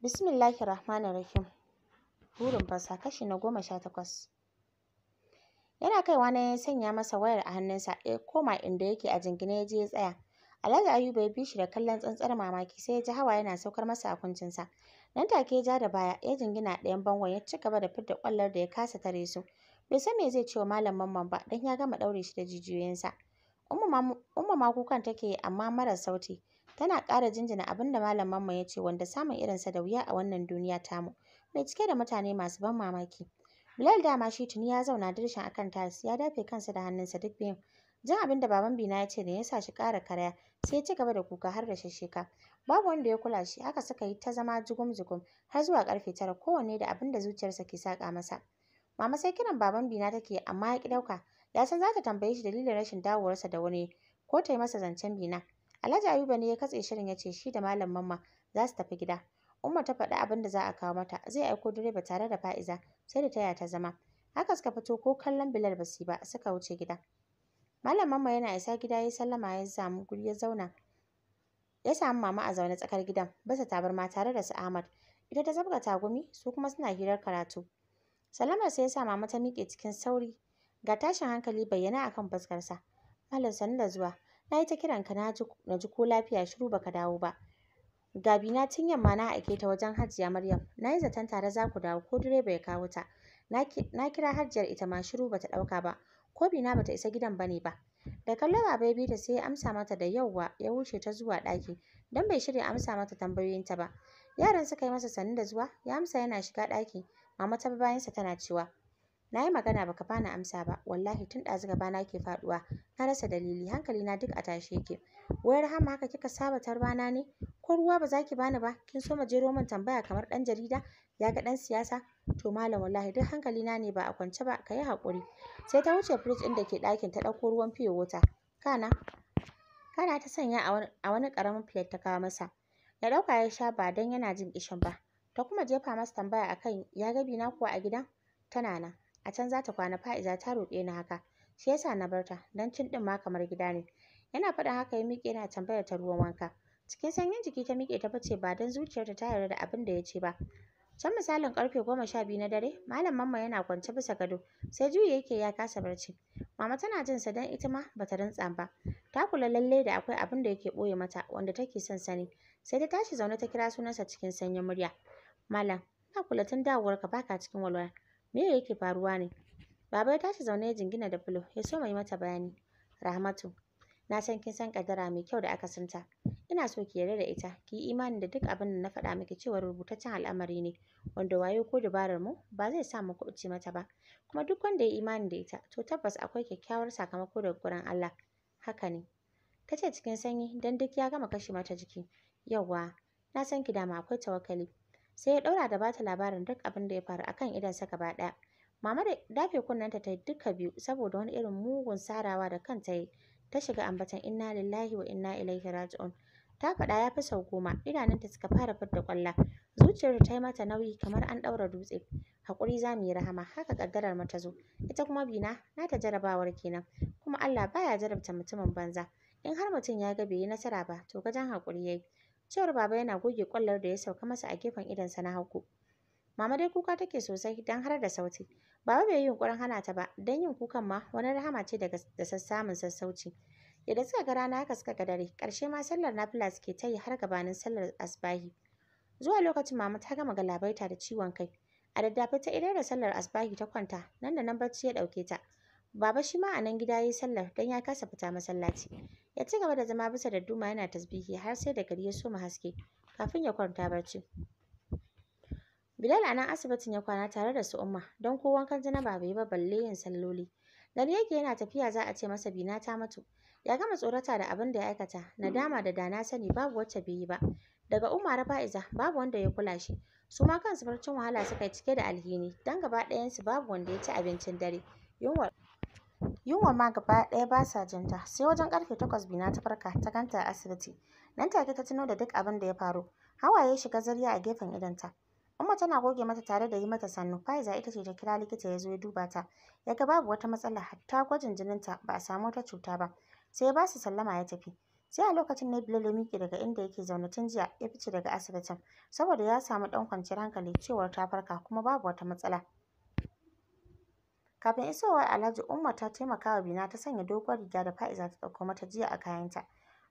Bismillahir Rahmanir Rahim. Burin fasa kashi na goma sha takwas. Yana kaiwa na ya sanya masa wayar a hannunsa ya koma inda yake a jingine ya je ya tsaya. Alhaji Ayuba ya bi shi da kallon tsantsar mamaki sai ya ji hawa yana saukar masa a kuncinsa. Nan take ya ja da baya ya jingina ɗayan bangon ya ci gaba da fidda ƙwallar da ya kasa tare su. Bai san me zai ce wa malam mamman ba Dan ya gama ɗaure shi da jijiyoyinsa. Umma ma kukan take amma mara sauti. Tana ƙara jinjina abin da Malam Mamman ya ce wanda samun irinsa da wuya a wannan duniya tamu. Mai cike da mutane masu ban mamaki. Bilal dama shi tuni ya zauna dirshin kan tiles ya dafe kansa da hannunsa duk biyun. Jin abin da baban Bina ya ce da ya sa shi ƙara karaya sai ya ci gaba da kuka har da shisheka. Babu wanda ya kula shi haka suka yi ta zama jugum-jugum har zuwa ƙarfe tara kowanne da abin da zuciyarsa ke saƙa masa. Mama sai kiran baban Bina take amma ya ki ɗauka. Ya san za ta tambaye shi dalilin rashin dawowarsa da wani ko ta yi masa zancen Bina. Alhaji Ayuba ne ya katse shirin ya ce shi da Malam Mamma za su tafi gida. Umma ta faɗi abin da za a kawo mata, zai aiko direba tare da Fa'iza, sai da taya ta zama. Haka suka fito ko kallon Bilal ba su ba, suka wuce gida. Malam Mamma yana isa gida ya sallama ya samu guri ya zauna. Ya samu mama a zaune tsakar gidan, basa tabarma tare da su Ahmad. Ita ta zabga tagumi, su kuma suna hirar karatu. Salamar sai ya sa mama ta miƙe cikin sauri, ga tashin hankali bayyana akan fuskarsa. Malam sannu da zuwa, na yi ta kiranka na ji ko lafiya shiru baka dawo ba gabi na tun yamma na aike ta wajen hajiya maryam na yi zaton tare za ku dawo ko direba ya kawo ta na kira hajiyar ita ma shiru bata ɗauka ba ko bina bata isa gidan bane ba da kallon baba bi da sai ya amsa mata da yauwa ya wuce ta zuwa ɗaki don bai shirya amsa mata tambayoyinta ba yaran suka yi masa sannu da zuwa ya amsa yana shiga ɗaki mama ta bayansa tana cewa Na yi magana baka bani amsa ba. Wallahi tun ɗazu gaba na ke faɗuwa. Na rasa dalili. Hankali na duk a tashe yake. Wai Rahama haka kika saba bana ne? Ko ruwa ba za ki bani ba? Kin so jero min tambaya kamar ɗan jarida? Ya ga ɗan siyasa? To malam wallahi duk hankali na ne ba a kwance ba. Ka yi haƙuri. Sai ta wuce firij ɗin da ke ɗakin ta ɗauko ruwan fiyo wuta. Kana. Kana ta sanya a wani ƙaramin plate ta kawo masa. Ya ɗauka ya sha ba don yana jin ƙishin ba. Ta kuma jefa masa tambaya akan ya ga bina kuwa a gidan? Tana nan. a can za ta kwana fa'iza ta roƙe ni haka shi yasa na barta don cin ɗin ma kamar gida ne yana faɗin haka ya miƙe yana tambayar ta ruwan wanka cikin sanyin jiki ta miƙe ta bace, ba don zuciyarta ta yarda da abin da ya ce ba can misalin ƙarfe goma sha biyu na dare malam mamma yana kwance bisa gado sai juyi yake ya kasa barci mama tana jin sa don ita ma bata rantsa ba ta kula lalle da akwai abin da yake ɓoye mata wanda take son sani sai ta tashi zaune ta kira sunansa cikin sanyin murya malam na kula tun dawowarka baka cikin walwala me yake faruwa ne baba ya tashi zaune ya jingina da fulo ya so yi mata bayani rahmatu na san kin san kaddara mai kyau da aka santa ina so ki yarda da ita ki yi imani da duk abin da na faɗa miki cewa rubutaccen al'amari ne wanda wayo ko dabarar mu ba zai sa mu kuɓuce mata ba kuma duk wanda ya imani da ita to tabbas akwai kyakkyawar sakamako daga gurin Allah haka ne ta ce cikin sanyi dan duk ya gama kashe mata jiki yawwa na san ki dama akwai tawakali. sai ya ɗaura da ta labarin duk abin da ya faru akan idonsa gaba ɗaya mama da dafe kunnenta ta yi duka biyu saboda wani irin mugun sarawa da kanta yi ta shiga ambatan inna lillahi wa inna ilaihi raji'un ta faɗa ya fi sau goma idanunta suka fara fidda ƙwalla zuciyar ta yi mata nauyi kamar an ɗaura dutse haƙuri za mu yi rahama haka ƙaddarar mu ta zo ita kuma bina na ta jarabawar kenan kuma Allah baya jarabta mutumin banza in har mutum ya ga bai yi nasara ba to gajen haƙuri ya yi. Cewar baba yana goge kwallar da ya sauka masa a gefen sa na hagu. Mama dai kuka take sosai don har da sauti. Baba bai yi yunƙurin hana ta ba, don yin kukan ma wani rahama ce daga da sassamun sassauci. Idan suka ga rana haka suka ga dare, ƙarshe ma sallar nafila suke ta yi har gabanin sallar asbahi. Zuwa lokacin mama ta gama galabaita da ciwon kai. A daddafe ta idar da sallar asbahi ta kwanta, nan da nan barci ya ɗauke ta. Baba shi ma a nan gida ya yi sallar don ya kasa fita masallaci. Ya ci gaba da zama bisa da duma yana tasbihi har sai da gari ya soma haske kafin ya kwanta barci. Bilal a nan asibitin ya kwana tare da su Umma don ko wankan baba bai ba balle yin salloli. Gari yake yana tafiya za a ce masa bina ta mutu. Ya gama tsorata da abin da ya aikata, nadama da dana sani babu wacce bai yi ba. Daga Umar Fa'iza babu wanda ya kula shi. Su ma kansu barcin wahala suka yi cike da alhini don gaba ɗayansu babu wanda ya ci abincin dare. Yunwa Yunwa ma gaba ɗaya ba sa jinta, sai wajen ƙarfe takwas Bina ta farka ta ganta a asibiti. Nan take ta tuno da duk abin da ya faru. Hawaye shiga zarya a gefen idonta. Umma tana goge mata tare da yi mata sannu. Faiza ita ce ta kira likita ya zo ya duba ta. Ya ga babu wata matsala hatta gwajin jinin ta ba a samu wata cuta ba. Sai ya ba su sallama ya tafi. Sai a lokacin ne Bilal ya miƙe daga inda yake zaune tun jiya ya fice daga asibitin saboda ya samu ɗan kwanciyar hankali cewar ta farka kuma babu wata matsala. Kafin isowar Alhaji Umma ta taimaka wa Bina ta sanya doguwar riga da Fa'iza ta ɗauko mata jiya a kayanta.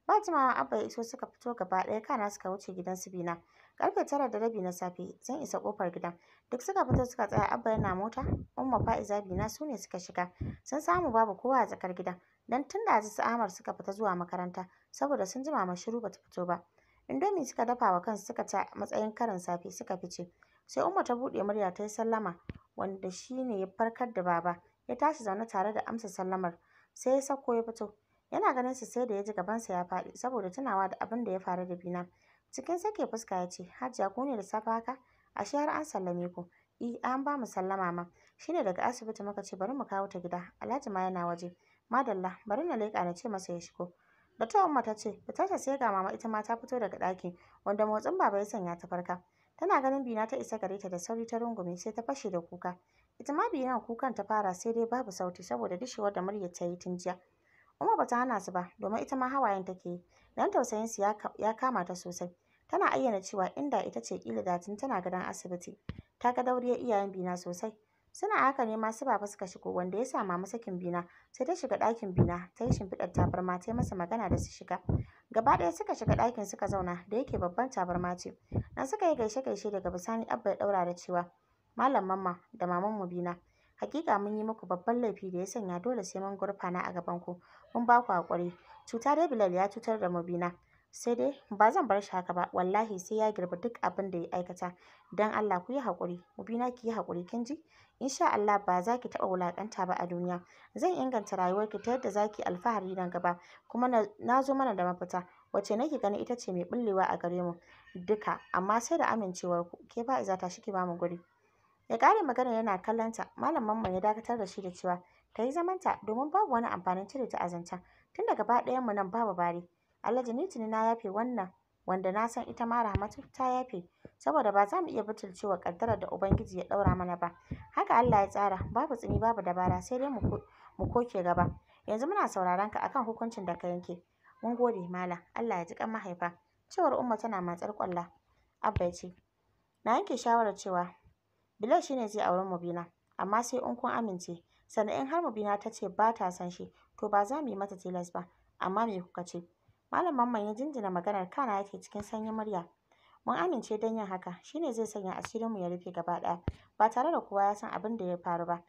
Ba jimawa Abba ya iso suka fito gaba ɗaya kana suka wuce gidan su Bina. Karfe tara da rabi na safe sun isa kofar gidan. Duk suka fito suka tsaya Abba yana mota, Umma Fa'iza Bina su ne suka shiga. Sun samu babu kowa a tsakar gidan. Dan tun da Aziz Ahmad suka fita zuwa makaranta saboda sun jima ma shiru bata fito ba. Indomi suka dafa wa kansu suka ci matsayin karin safe suka fice. Sai Umma ta buɗe murya ta yi sallama. wanda shi ne ya farkar da Baba, ya tashi zaune tare da amsa sallamar, sai ya sauko ya fito. Yana ganin su sai da ya ji gabansa ya faɗi saboda tunawa da abin da ya faru da Bina. Cikin sake fuska ya ce, Hajiya ku ne da safe haka? Ashe har an sallame ku. I, eh, an ba mu sallama ma. Shi ne daga asibiti muka ce bari mu kawo ta gida. Alhaji ma yana waje. Madalla, bari na leƙa na ce masa ya shigo. ta Umma ta ce, ta tashi sai ga mama ita ma ta fito daga ɗaki, wanda motsin baba ya sanya ta farka. Tana ganin Bina ta isa gare ta da sauri ta rungume sai ta fashe da kuka. Ita ma Bina kukan ta fara sai dai babu sauti saboda dishewar da muryar ta yi tun jiya. Umma bata hana su ba domin ita ma hawayen take yi. Dan tausayin su ya kama ta sosai. Tana ayyana cewa inda ita ce kila da tun tana gadan asibiti. Ta ga dauriya iyayen Bina sosai. Suna haka ne ma su baba suka shigo wanda ya sa mama sakin Bina sai ta shiga ɗakin Bina ta yi shimfiɗar tabarma ta yi masa magana da su shiga. gaba ɗaya suka shiga ɗakin suka zauna da yake babban tabarma ce nan suka yi gaishe gaishe daga bisani abba ya ɗaura da cewa malam mamma da maman mubina hakika mun yi muku babban laifi da ya sanya dole sai mun gurfana a gaban ku mun ba ku haƙuri cuta dai bilal ya cutar da mubina sai dai ba zan bar shi haka ba wallahi sai ya girbi duk abin da ya aikata dan Allah ku yi hakuri na ki yi hakuri kin ji insha Allah ba za ki taɓa wulakanta ba a duniya zan inganta rayuwarki ta yadda za ki alfahari nan gaba kuma na zo mana da mafita wacce nake ganin ita ce mai bullewa a gare mu duka amma sai da amincewarku ke fa'iza ta shi ki ba mu guri ya ƙare magana yana kallonta malam mu ya dakatar da shi da cewa ta yi zamanta domin babu wani amfanin cire ta azanta tun daga ba ɗayan mu nan babu bare Alhaji ni na yafe wannan wanda na san ita ma Rahmatu ta yafe saboda ba za mu iya butulcewa ƙaddarar da Ubangiji ya ɗaura mana ba. Haka Allah ya tsara babu tsini babu dabara sai dai mu koke gaba. Yanzu muna sauraron ka akan hukuncin da ka yanke. Mun gode malam Allah ya ji kan mahaifa. Cewar Umma tana matsar ƙwalla. Abba ya ce na yanke shawarar cewa Bilal shine zai auri Mubina amma sai in kun amince sannan in har Mubina ta ce ba ta son shi to ba za mu yi mata tilas ba amma me kuka ce? Malam Mamman ya jinjina maganar kana yake cikin sanyin murya. Mun amince don yin haka, shi ne zai sanya asirin mu ya rufe gaba ɗaya ba tare da kowa ya san abin da ya faru ba.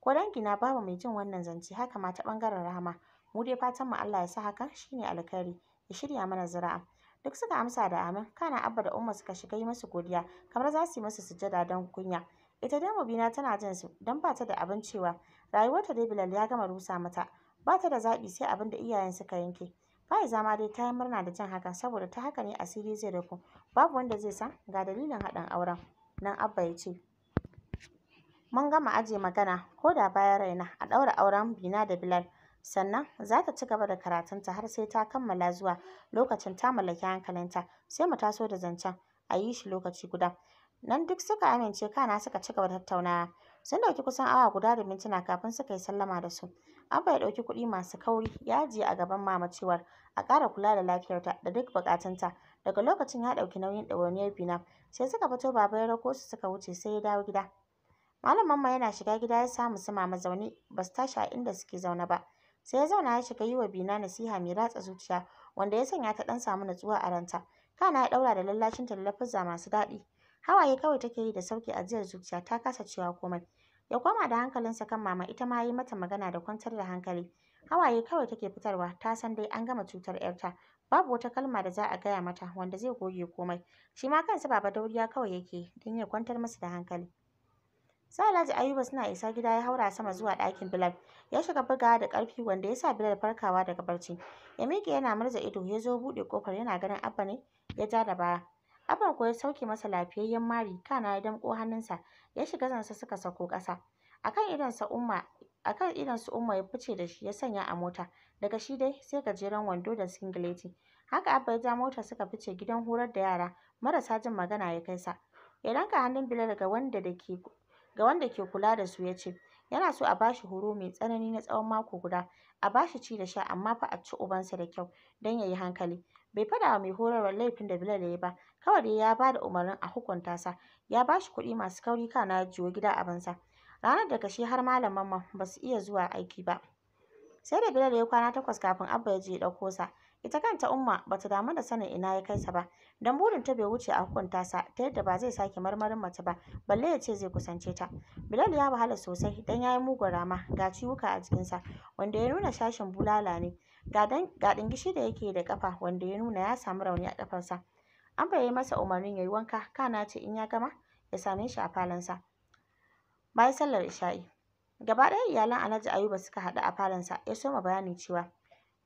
Ko dangina babu mai jin wannan zance haka ma ta ɓangaren Rahama. Mu dai mu Allah ya sa haka shi ne alkhairi, ya shirya mana zura'a Duk suka amsa da amin, kana Abba da Umma suka shiga yi musu godiya kamar za su yi musu sujada don kunya. Ita dai Mubina tana jin su don ba ta da abin cewa rayuwarta dai Bilal ya gama rusa mata, ba ta da zaɓi sai abin da iyayen suka yanke. ya zama dai ta yi murna da jin hakan saboda ta haka ne asiri zai rufu. Babu wanda zai san ga dalilin haɗin auren. Nan Abba ya ce, mun gama aje magana ko da bayan raina a ɗaura auren Bina da Bilal. Sannan za ta ci gaba da karatunta har sai ta kammala zuwa lokacin ta mallaki hankalinta sai mu taso da zancen a yi shi lokaci guda. Nan duk suka amince kana suka ci gaba da tattaunawa. Sun ɗauki kusan awa guda da mintuna kafin suka yi sallama da su. Abba ya ɗauki kuɗi masu kauri ya ajiye a gaban mama cewar a ƙara kula da lafiyarta da duk buƙatunta. Daga lokacin ya ɗauki nauyin ɗawainiyar bina. Sai suka fito baba ya rako su suka wuce sai ya dawo gida. Malam Mamma yana shiga gida ya samu su mama zaune ba su tashi a inda suke zaune ba. Sai ya zauna ya shiga yi wa Bina nasiha mai ratsa zuciya wanda ya sanya ta ɗan samu natsuwa a ranta. Kana ya ɗaura da lallashinta da lafuzza masu daɗi. Hawaye kawai take yi da sauki ajiyar zuciya ta kasa cewa komai. Ya koma da hankalinsa kan mama ita ma yi mata magana da kwantar da hankali. Hawaye kawai take fitarwa ta san dai an gama cutar 'yarta. Babu wata kalma da za a gaya mata wanda zai goge komai. Shi ma kansa Baba dauriya kawai yake don ya kwantar masa da hankali. Sai Alhaji Ayuba suna isa gida ya haura sama zuwa ɗakin Bilal. Ya shiga bugawa da ƙarfi wanda ya sa Bilal farkawa daga barci. Ya miƙe yana murza ido ya zo buɗe ƙofar yana ganin Abba ne ya ja da baya. Abba kuwa ya sauke masa lafiyayyen mari kana ya damƙo hannunsa ya shiga zansa suka sako ƙasa. Akan idonsa Umma akan idonsu Umma ya fice da shi ya sanya a mota daga shi dai sai gajeren wando da singileti. Haka Abba ya ja mota suka fice gidan horar da yara marasa jin magana ya kai sa. Ya danka hannun Bilal ga wanda da ke ga wanda ke kula da su ya ce yana so a ba shi horo mai tsanani na tsawon mako guda a ba shi ci da sha amma fa a ci ubansa da kyau don ya yi hankali Bai faɗa wa mai horarwar laifin da Bilal ya yi ba, kawai dai ya bada da umarnin a hukunta sa, ya ba shi kuɗi masu kauri kana ya juyo gida bansa. Ranar da kashe har Malam Mamman ba su iya zuwa aiki ba. Sai da Bilal ya kwana takwas kafin Abba ya je ya ɗauko sa. Ita kanta Umma ba ta damu da sanin ina ya kai sa ba, don burin ta bai wuce a hukunta sa ta yadda ba zai sake marmarin mace ba, balle ya ce zai kusance ta. Bilal ya wahala sosai don ya yi mugun rama ga ciwuka a jikinsa, wanda ya nuna shashin bulala ne. ga gishiri da yake da ƙafa, wanda ya nuna ya samu rauni a kafarsa an ya masa umarnin ya yi wanka kana ce in ya gama ya same shi a sa bayan sallar isha'i gaba ɗaya iyalan Alhaji Ayuba suka haɗu a sa ya soma bayanin cewa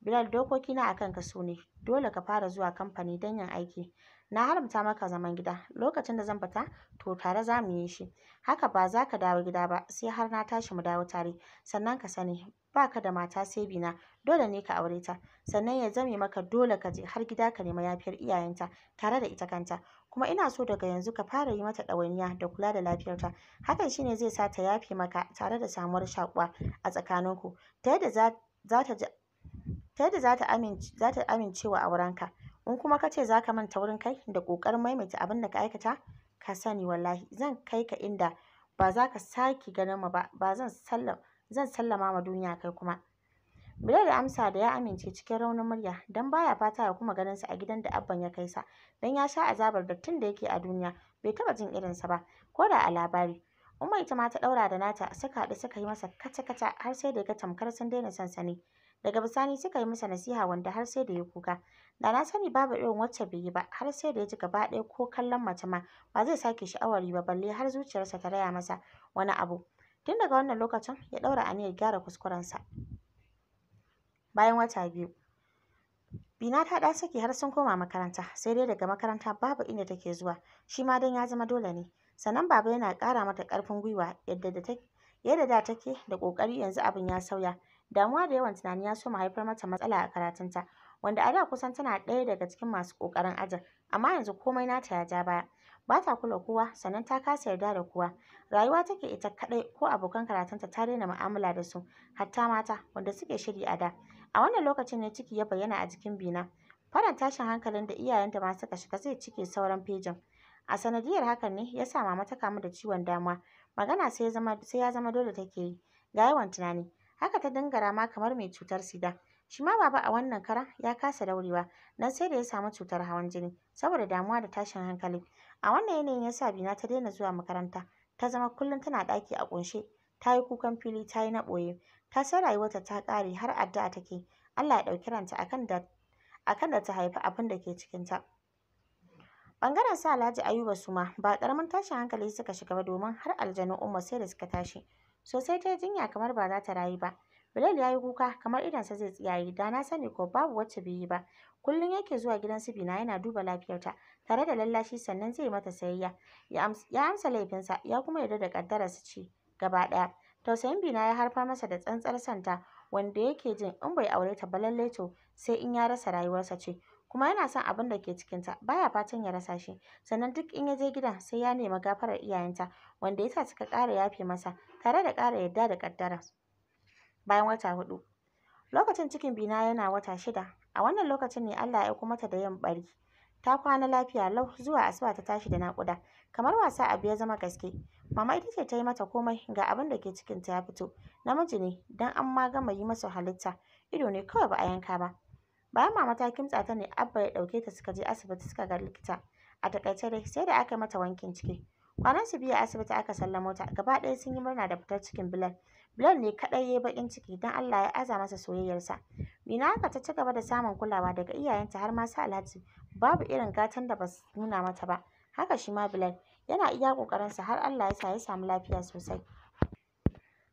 Bilal dokoki na akan ka su ne dole ka fara zuwa kamfani don yin aiki na haramta maka zaman gida lokacin da zan fita to tare za mu yi shi haka ba za ka dawo gida ba sai har na tashi mu dawo tare sannan ka sani ba ka da mata sai bina dole ne ka aure ta sannan ya zame maka dole ka je har gida ka nema yafiyar iyayenta tare da ita kanta kuma ina so daga yanzu ka fara yi mata ɗawainiya da kula da lafiyarta hakan shine zai sa ta yafe maka tare da samuwar shakuwa a tsakaninku ta yadda za ta ta yadda za ta amince za ta in kuma ka ce za ka manta wurin kai da ƙoƙarin maimaita abin da ka aikata ka sani wallahi zan kai ka inda ba za ka sake ganin mu ba ba zan sallam zan sallama ma duniya kai kuma Bilal ya amsa da ya amince cikin raunin murya don ba ya fata ya kuma ganinsa a gidan da Abban ya kai sa don ya sha azabar da tun da yake a duniya bai taɓa jin irinsa ba ko da a labari. Umma ita ma ta ɗaura da nata suka haɗu suka yi masa kaca-kaca har sai da ya ga tamkar sun daina sansani. Daga bisani suka yi masa nasiha wanda har sai da ya kuka. Da na sani babu irin wacce bai yi ba har sai da ya ji gaba ɗaya ko kallon mace ma ba zai sake sha'awari ba balle har zuciyarsa ta raya masa wani abu. Tun daga wannan lokacin ya ɗaura aniyar gyara kuskurensa. bayan wata biyu. Bina ta ɗa saki har sun koma makaranta, sai dai daga makaranta babu inda take zuwa, shi ma don ya zama dole ne. Sannan baba yana ƙara mata ƙarfin gwiwa yadda da take da take da ƙoƙari yanzu abin ya sauya. Damuwa da yawan tunani ya soma haifar mata matsala a karatunta, wanda a da kusan tana ɗaya daga cikin masu ƙoƙarin ajin, amma yanzu komai nata ya ja baya. Ba ta kula kowa, sannan ta kasa yarda da kowa. Rayuwa take ita kaɗai ko abokan karatunta ta daina mu'amala da su, hatta mata wanda suke shiri a da. A wannan lokacin ne ciki ya bayyana a jikin Bina. faran tashin hankalin da iyayenta ma suka shiga zai cike sauran fejin. A sanadiyar hakan ne ya sa mama ta kamu da ciwon damuwa. Magana sai ya zama sai ya zama dole take yi. Ga yawan tunani. Haka ta dinga rama kamar mai cutar sida. Shi ma baba a wannan karan ya kasa daurewa, nan sai da ya samu cutar hawan jini saboda damuwa da tashin hankali. A wannan yanayin ya sa Bina ta daina zuwa makaranta, ta zama kullum tana ɗaki a ƙunshe, ta yi kukan fili ta yi na ɓoye. ta san rayuwarta ta ƙare har addu'a take Allah ya ɗauki ranta akan da akan da ta haifi abin da ke cikinta. Ɓangaren su Alhaji Ayuba su ma ba ƙaramin tashin hankali suka shiga ba domin har aljanun Umma sai da suka tashi. Sosai ta jinya kamar ba za ta rayu ba. Bilal ya yi kuka kamar sa zai tsiyaye da na sani ko babu wacce bai yi ba. Kullum yake zuwa gidan su Bina yana duba lafiyarta tare da lallashi sannan zai mata sayayya. Ya amsa laifinsa ya kuma yarda da ƙaddararsa ce gaba ɗaya. Tausayin Bina ya haifar masa da tsantsar santa wanda yake jin in bai aure ta ba lallai to sai in ya rasa rayuwarsa ce. Kuma yana son abin da ke cikin ta baya fatan ya rasa shi. Sannan duk in ya je gida sai ya nemi gafarar iyayenta wanda yasa suka ƙara yafe masa tare da ƙara yadda da kaddara Bayan wata hudu, Lokacin cikin Bina yana wata shida. A wannan lokacin ne Allah ya kuma ta da yin bari, Ta kwana lafiya lau zuwa asuba ta tashi da naƙuda. Kamar wasa abu ya zama gaske. Mama ita ce ta yi mata komai ga abin da ke cikinta ya fito. Namiji ne don an ma gama yi masa halitta. Ido ne kawai ba a yanka ba. Bayan mama ta kimtsa ta ne Abba ya ɗauke ta suka je asibiti suka ga likita. A taƙaice dai sai da aka yi mata wankin ciki. Kwanan su biyu a asibiti aka sallamo ta. Gaba ɗaya sun yi murna da fitar cikin Bilal. Bilal ne kaɗai ya yi baƙin ciki don Allah ya aza masa soyayyarsa. Mina haka ta ci gaba da samun kulawa daga iyayenta har ma su Alhaji. Babu irin gatan da ba su nuna mata ba. Haka shi ma Bilal. yana iya ƙoƙarinsa har Allah ya sa ya samu lafiya sosai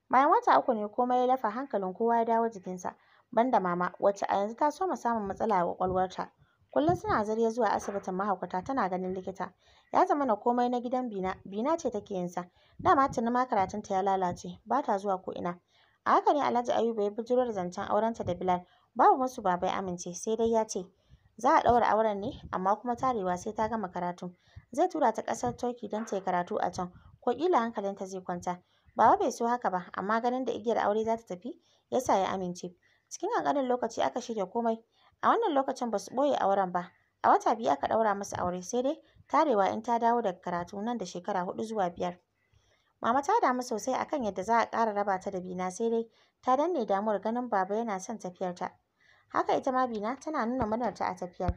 bayan wata uku ne komai ya lafa hankalin kowa ya dawo jikinsa banda mama wacce a yanzu ta soma samun matsala a ƙwaƙwalwarta kullum suna zarya zuwa asibitin mahaukata tana ganin likita ya zama na komai na gidan bina bina ce take yin sa dama tuni ma karatunta ya lalace ba ta zuwa ko ina a haka ne alhaji ayuba ya bijiro da zancen aurenta da bilal babu musu babai amince sai dai ya ce Za a ɗaura auren ne amma kuma tarewa sai ta gama karatu. Zai tura ta ƙasar Turkey don ta yi karatu a can ko ƙila hankalin ta zai kwanta. Baba bai so haka ba amma ganin da igiyar aure za ta tafi ya sa ya amince. Cikin ƙanƙanin lokaci aka shirya komai. A wannan lokacin ba su ɓoye auren ba. A wata biyu aka ɗaura musu aure sai dai tarewa in ta dawo daga karatu nan da shekara huɗu zuwa biyar. Mama ta damu sosai akan yadda za a ƙara raba ta da Bina sai dai ta danne damuwar ganin Baba yana son tafiyarta. Haka ita ma Bina tana nuna murnarta a tafiyar.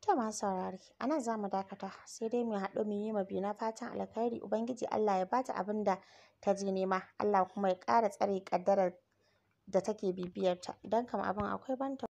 To ma saurare, a nan za mu dakata sai dai mu haɗu mu yi ma Bina fatan alkhairi Ubangiji Allah ya bata abin da ta je nema, Allah kuma ya ƙara tsare ƙaddarar da take bibiyarta, don kam abin akwai ban